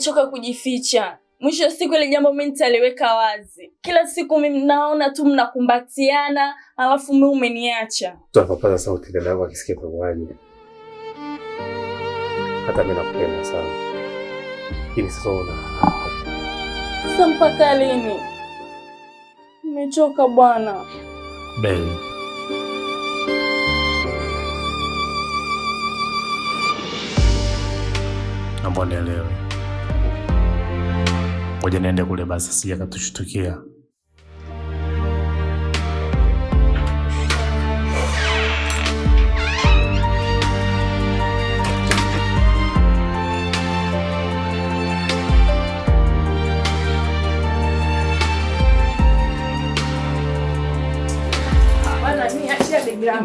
nimechoka kujificha. Mwisho wa siku ile jambo mimi nitaliweka wazi. Kila siku mimi naona tu mnakumbatiana, alafu mimi umeniacha. Tutapapaza sauti dada yako akisikia kwa mauaji. Hata mimi nakupenda sana, lakini sasa una sasa, mpaka lini? Nimechoka bwana. Ben. Naomba unielewe. Ngoja niende kule basi, sija katushtukia.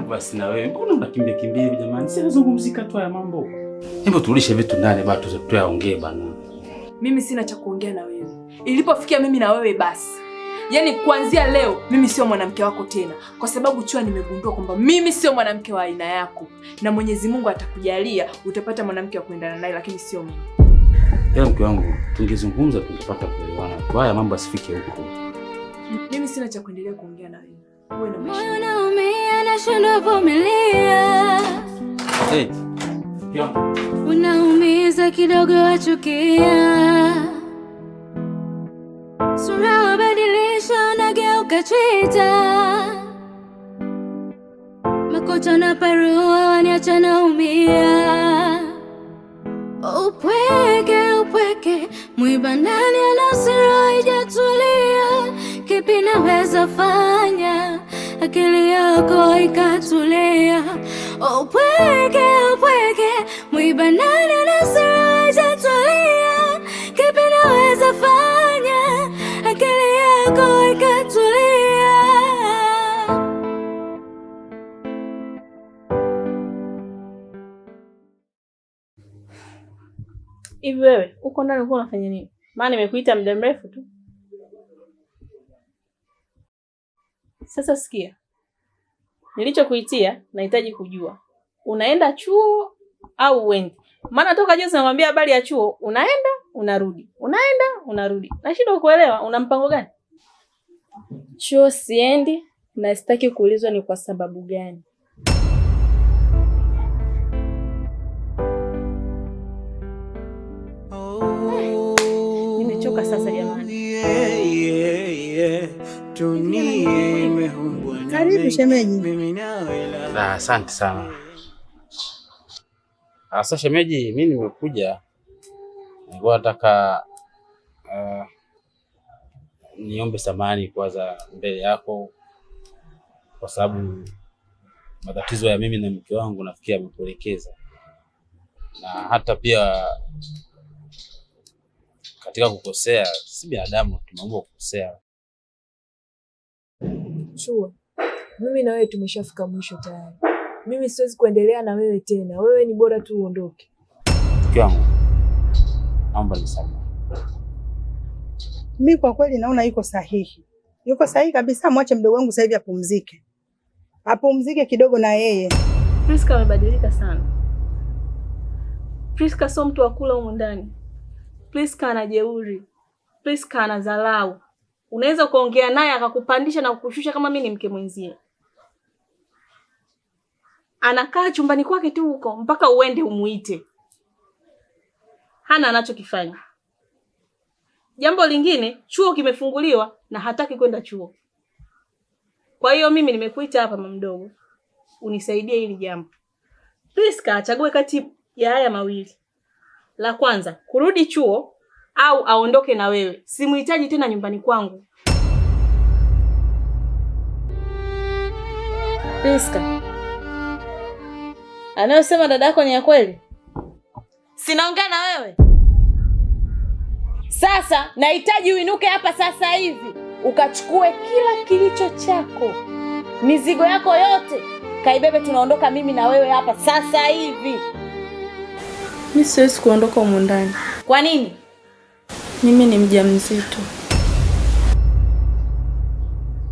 Basi na wewe mbona unakimbia kimbia jamani? Sasa zungumzika tu haya mambo, hebu tulishe vitu ndani basi tuyaongee bana mimi sina cha kuongea na wewe. Ilipofikia mimi na wewe basi, yaani kuanzia leo mimi sio mwanamke wako tena, kwa sababu chua nimegundua kwamba mimi sio mwanamke wa aina yako, na Mwenyezi Mungu atakujalia utapata mwanamke wa kuendana naye, lakini sio mimi. Ila mke wangu, tungezungumza tungepata kuelewana tu, haya mambo asifike huko. Mimi sina cha kuendelea kuongea na wewe. uwe na maisha. unaumia kuvumilia. Hey. Eh, unaumiza kidogo, wachukia sura, wabadilisha, unageuka chita makocha na parua waniacha naumia, upweke upweke, mwiba nani anasira ijatulia, kipi naweza fanya akili yako ikatulia Oh, upweke upweke, mwibanane na sura haijatulia, kipi naweza fanya akili yako ikatulia? Hivi wewe uko ndani ulikuwa unafanya nini? Maana nimekuita muda mrefu tu. Sasa sikia nilichokuitia nahitaji kujua unaenda chuo au uendi? Maana toka juzi namwambia habari ya chuo, unaenda unarudi, unaenda unarudi, nashindwa kuelewa una mpango gani? Chuo siendi na sitaki kuulizwa ni kwa sababu gani. Oh, nimechoka sasa jamani. Karibu shemeji. Ah, asante sana. Ah, sasa shemeji, mi nimekuja nilikuwa nataka uh, niombe samani kwanza mbele yako kwa sababu matatizo ya mimi na mke wangu nafikiri yamekuelekeza na hata pia katika kukosea, si binadamu tumeumbwa kukosea. Chua mimi na wewe tumeshafika mwisho tayari. Mimi siwezi kuendelea na wewe tena, wewe ni bora tu uondoke. Mke wangu, naomba nisamehe. Mimi kwa kweli naona yuko sahihi, yuko sahihi kabisa. Mwache mdogo wangu sasa hivi apumzike, apumzike kidogo na yeye. Priska amebadilika sana. Priska sio mtu wa kula humu ndani. Priska ana jeuri, Priska ana dharau. Unaweza ukaongea naye akakupandisha na kukushusha kama mimi ni mke mwenzie anakaa chumbani kwake tu huko mpaka uende umuite. Hana anachokifanya. Jambo lingine, chuo kimefunguliwa na hataki kwenda chuo. Kwa hiyo mimi nimekuita hapa, mama mdogo, unisaidie hili jambo. Priska achague kati ya haya mawili, la kwanza kurudi chuo au aondoke na wewe. Simuhitaji tena nyumbani kwangu Priska. Anayosema dada yako ni ya kweli? Sinaongea na wewe sasa. Nahitaji uinuke hapa sasa hivi ukachukue kila kilicho chako, mizigo yako yote kaibebe, tunaondoka mimi na wewe hapa sasa hivi. Mimi siwezi kuondoka humu ndani. Kwa nini? Mimi ni mjamzito.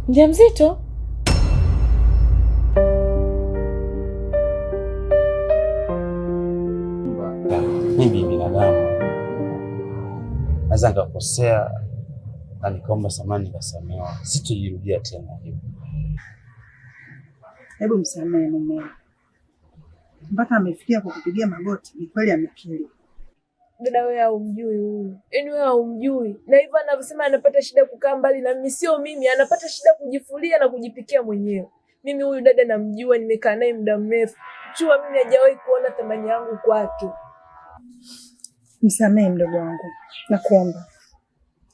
Mjamzito? naweza nikakosea na nikaomba samani nikasamewa, sitojirudia tena hivyo. Hebu msamehe mume mpaka amefikia kukupigia magoti. Ni kweli amekiri. Dada wewe haumjui huyu, yaani wewe haumjui. Na hivyo anavyosema anapata shida kukaa mbali na mimi, sio mimi, anapata shida kujifulia na kujipikia mwenyewe. Mimi huyu dada namjua, nimekaa naye muda mrefu. Chua mimi hajawahi kuona thamani yangu kwake. Nisamehe mdogo wangu, nakuomba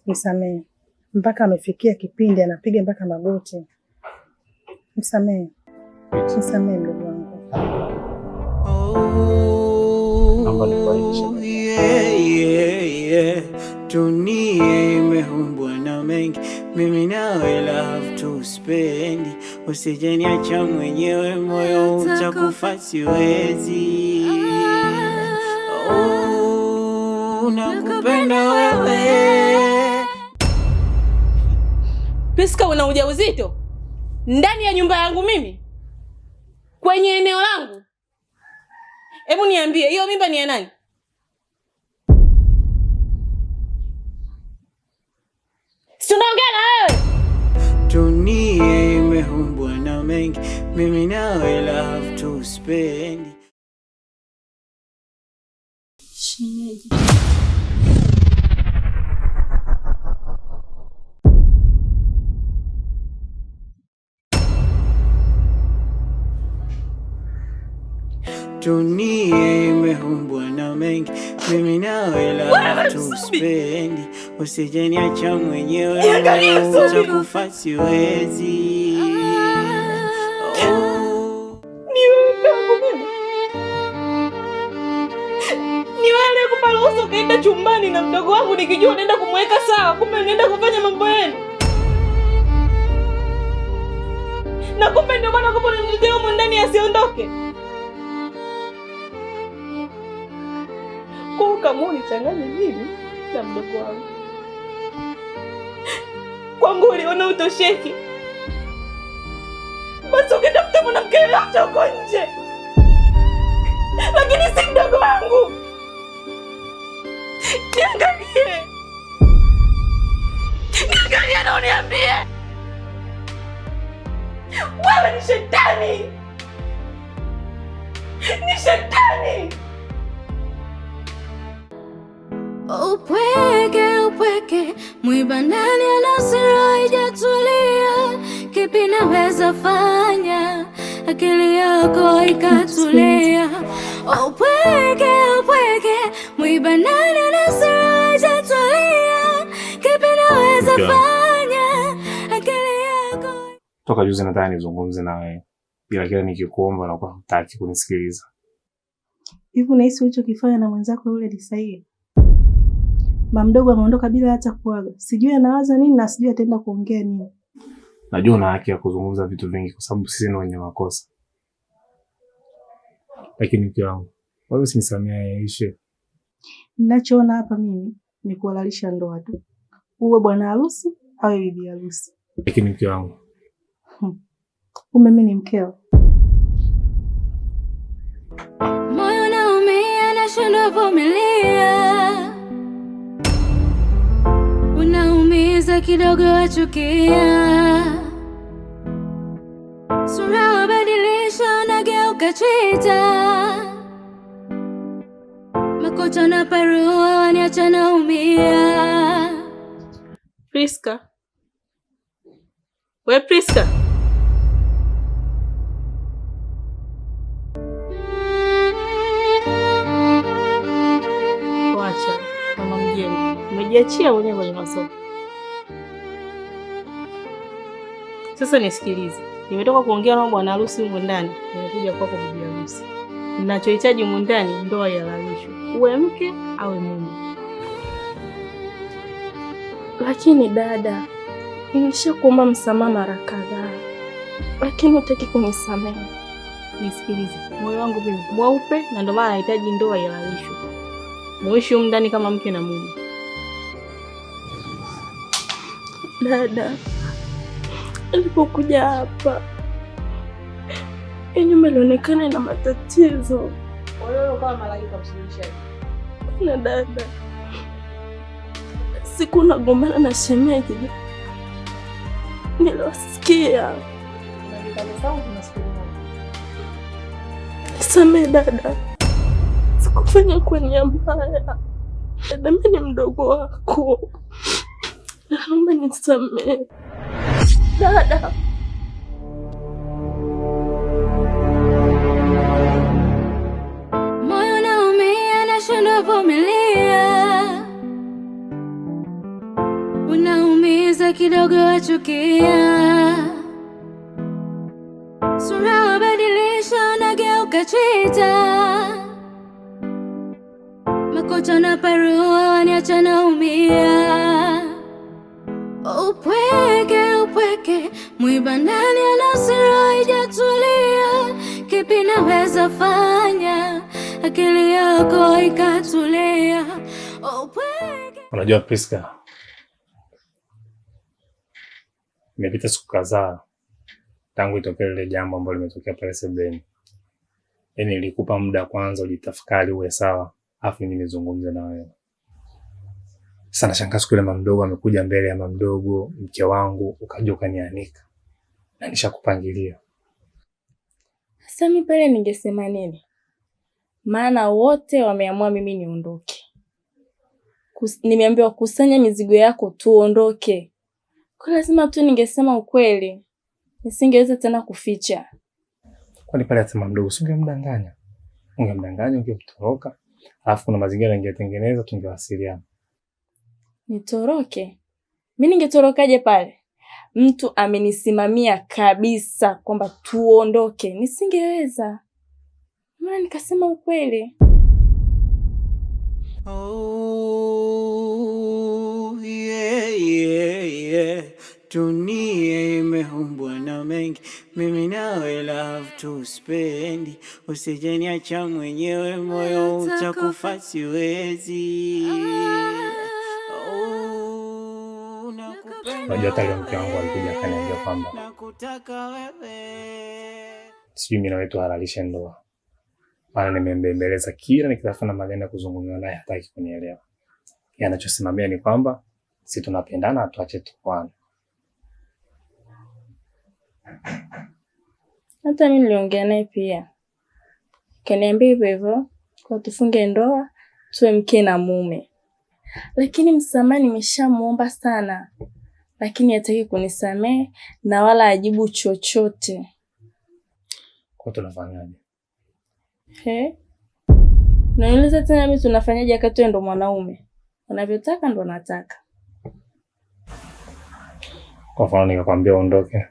nisamehe. Mpaka amefikia kipindi anapiga mpaka magoti. Nisamehe, msamehe mdogo wangu. Oh, yeah, yeah, yeah. Dunia imeumbwa na mengi, mimi nawe love to spend. Usijeniacha mwenyewe, moyo utakufa, siwezi nakupenda wewe. Priska, una ujauzito ndani ya nyumba yangu mimi, kwenye eneo langu? Hebu niambie, hiyo mimba ni ya nani? Si unaongea na wewe? Dunia imeumbwa na mengi, mimi nawe love to spend Dunia imehumbwa na mengi, mimi nawe la tuspendi, usijeniacha mwenyewe, utakufa siwezi. Ah. Oh. Niwele kupa chumbani na mdogo wangu, nikijua unaenda kumweka sawa, kumbe unaenda kufanya mambo yenu na kumbe ndio maana kupo ndani asiondoke. ukamua nichanganye vili na mdogo wangu. Kwangu uliona utosheki, basi ukitafuta mwanamke yoyote huko nje, lakini si mdogo wangu. Niangalie, niangalie na uniambie wewe ni shetani, ni shetani. Upweke upweke, mwiba ndani ana siri haijatulia. Kipi naweza fanya akili yako ikatulia? Upweke upweke, mwiba ndani ana siri haijatulia. Kipi naweza fanya akili yako. Toka juzi nataka nizungumze nawe, ila kila nikikuomba nakuwa hutaki kunisikiliza. Hivi unahisi ulichokifanya na mwenzako yule ni sahihi? mama mdogo ameondoka bila hata kuaga. Sijui anawaza nini na sijui ataenda kuongea nini. Najua una haki ya kuzungumza vitu vingi kwa sababu sisi ni wenye makosa. Lakini mke wangu, wewe usinisamehe yaishe. Ninachoona hapa mimi ni kuhalalisha ndoa tu. Uwe bwana harusi au bibi harusi. Lakini mke wangu, hmm. Kumbe mimi ni mkeo. Moyo naumia, nashindwa kuvumilia kidogo wachukia, sura wabadilisha, unageuka chwita, Makocha na parua waniacha naumia. Priska, we Priska wacha mama mjengo, umejiachia mwenyewe kwenye masomo Sasa nisikilize, nimetoka kuongea na bwana harusi huko ndani, nimekuja kwako bibi harusi. Ninachohitaji huko ndani ndoa ihalalishwe, uwe mke awe mume. Lakini dada, nimeshakuomba msamaha mara kadhaa, lakini hutaki kunisamehe. Nisikilize, moyo wangu mimi mweupe, na ndio maana nahitaji ndoa ihalalishwe, muishi huko ndani kama mke na mume. Dada alipokuja hapa nyumba ilionekana na matatizo na dada, siku nagombana na shemeji niliwasikia. Samee dada, sikufanya kwa nia mbaya. Dada, mimi ni mdogo wako, naomba nisamee. Dada. Moyo naumia, nashindwa vumilia, unaumiza kidogo, wachukia, sura wabadilisha, unageuka chita makucha na parua, waniacha naumia upwe Mwiba ndani ana haijatulia, kipi naweza fanya? Akili yako haikatulia. Oh, Unajua Priska, imepita siku kadhaa tangu itokee lile jambo ambalo limetokea pale sebuleni. Yaani nilikupa muda kwanza ujitafakari uwe sawa, afu mimi nizungumze na wewe. Sana nashangaa siku ile amekuja mbele ya mamdogo mdogo mke wangu, ukaja ukanianika na nishakupangilia. Sasa mimi pale ningesema nini? Maana wote wameamua mimi niondoke. Kus, nimeambiwa kusanya mizigo yako tuondoke. Kwa lazima tu ningesema ukweli, nisingeweza tena kuficha. Kwani pale atasema mdogo, usingemdanganya, ungemdanganya ungetoroka, alafu kuna mazingira ningetengeneza, tungewasiliana. Nitoroke? Mimi ningetorokaje pale? mtu amenisimamia kabisa kwamba tuondoke, nisingeweza. Maana nikasema ukweli. Oh, yeah, yeah, yeah. Dunia imeumbwa na mengi, mimi nawe love to spend. Usijeniacha mwenyewe, moyo utakufa, siwezi ah. Unajua hata mke wangu alikuja akaniambia kwamba sijui mimi na wewe ndoa, maana nimembembeleza kila nikitafuta na magana ya kuzungumza naye, hataki kunielewa. Anachosimamia ni kwamba si tunapendana, atuache tukwane. Hata mimi niliongea naye pia, kaniambia hivyo hivyo, kwa tufunge ndoa tuwe mke na mume lakini msamaha nimeshamuomba sana, lakini hataki kunisamehe na wala ajibu chochote. Kwa tunafanyaje? He, nauliza tena mimi, tunafanyaje wakati ndo mwanaume unavyotaka ndo nataka. Kwa mfano nikakwambia uondoke,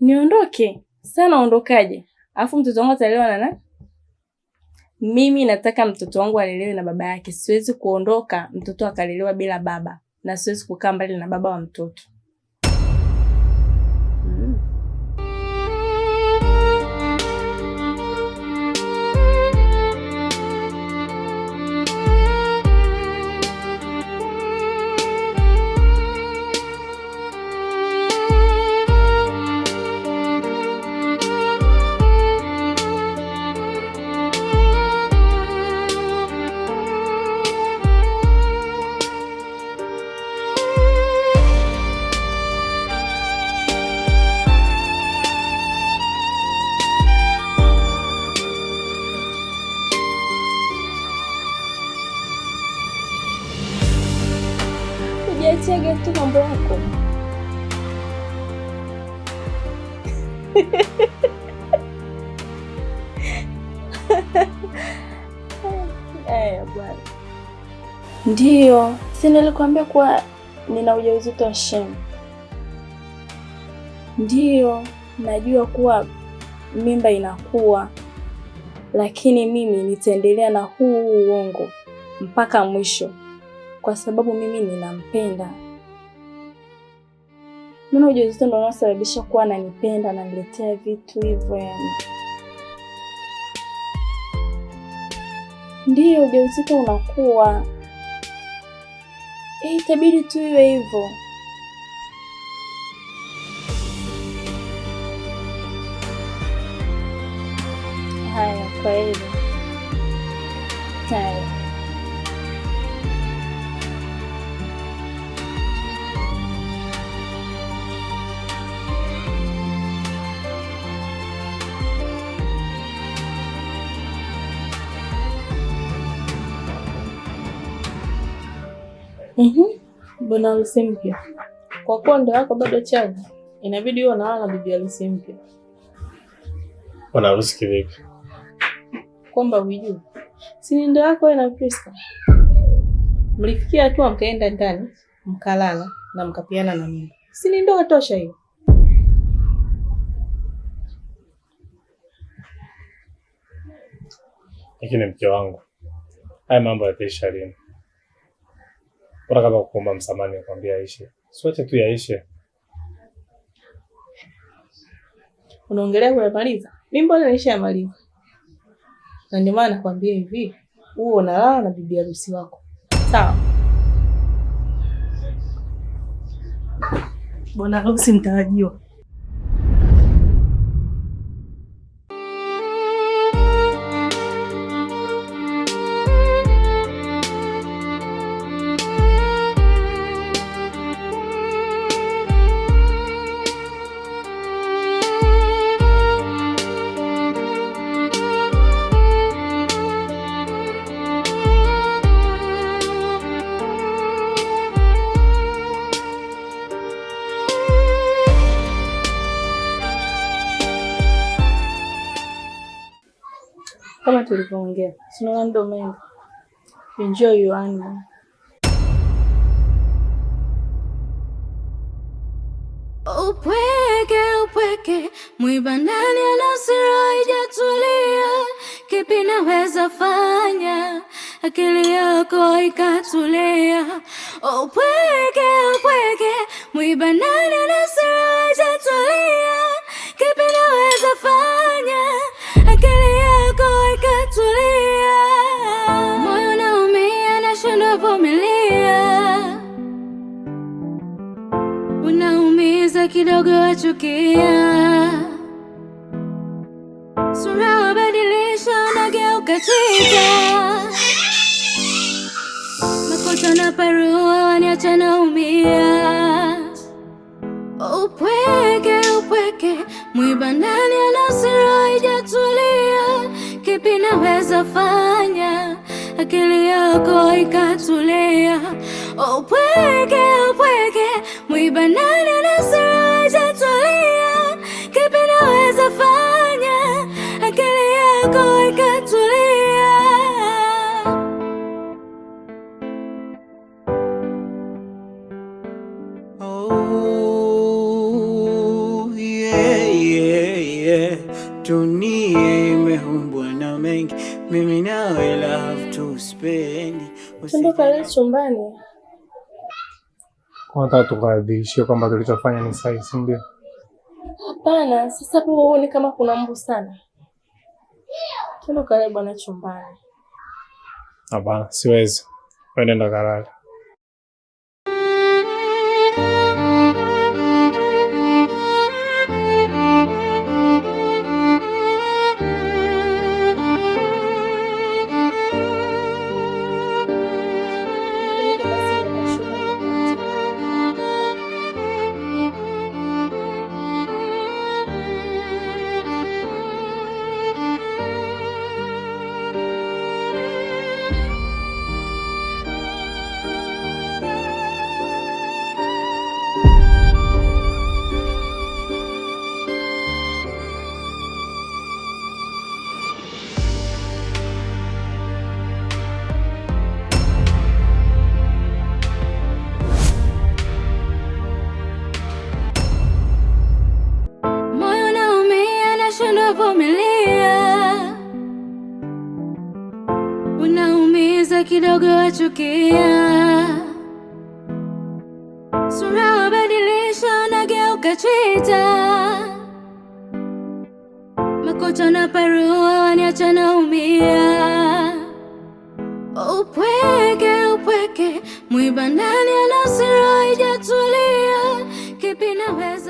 niondoke sana? Uondokaje? Alafu mtoto wangu atalewa na nani? Mimi nataka mtoto wangu alelewe na baba yake. Siwezi kuondoka mtoto akalelewa bila baba, na siwezi kukaa mbali na baba wa mtoto. Haya eh, bwana. Ndiyo, si nilikwambia kuwa nina ujauzito wa Shem. Ndiyo, najua kuwa mimba inakuwa, lakini mimi nitaendelea na huu uongo mpaka mwisho, kwa sababu mimi ninampenda. Maana ujauzito ndio unaosababisha kuwa ananipenda, ananiletea vitu hivyo, yaani Ndiyo, ujauzito unakuwa, eh, itabidi tu iwe hivyo. Haya, kwa hivyo tayari Mhm. Bwana harusi mpya. Kwa kuwa ndoa yako bado chaji, inabidi uwe unaoa na bibi harusi mpya. Bwana harusi kivipi? Kwamba hujui, si ndoa yako na Priska mlifikia hatua mkaenda ndani mkalala na mkapiana na mimba, si ni ndoa tosha hiyo? Lakini mke wangu, haya mambo yataisha lini? Bora kama kuomba msamani akwambia aishe, siwache tu yaishe. Unaongelea kuyamaliza? Mimi mbona naisha yamaliza, na ndio maana nakwambia hivi, huo unalala na bibi harusi wako sawa. Bwana harusi mtarajiwa ulivyoongea. Sinaona ndo umeenda. Enjoy your honeymoon. Upweke upweke, mwiba ndani ana siri ijatulia, Kipi naweza fanya akili yako ikatulia? Upweke upweke, mwiba ndani ana siri ijatulia, Kipi naweza fanya kutulia, moyo unaumia, nashindwa vumilia, unaumiza kidogo, wachukia, sura wabadilisha, unageuka chiza, makoto na parua, waniacha naumia, upweke upweke, mwiba ndani anasiro, haijatulia kipi naweza fanya? Akili yako ikatulia, upweke upweke, mwiba nani na sura haijatulia Twende kale chumbani. Unataka tukaadhirishie kwamba tulichofanya ni sahihi, si ndio? Hapana, sasa hapo huoni kama kuna mbu sana? Twende kale bwana chumbani. Hapana, siwezi. Wewe nenda kalale. kidogo wachukia, sura wabadilisha, unageuka chita, makocha na parua waniacha naumia. Upweke upweke, mwiba ndani ana siri kipi naweza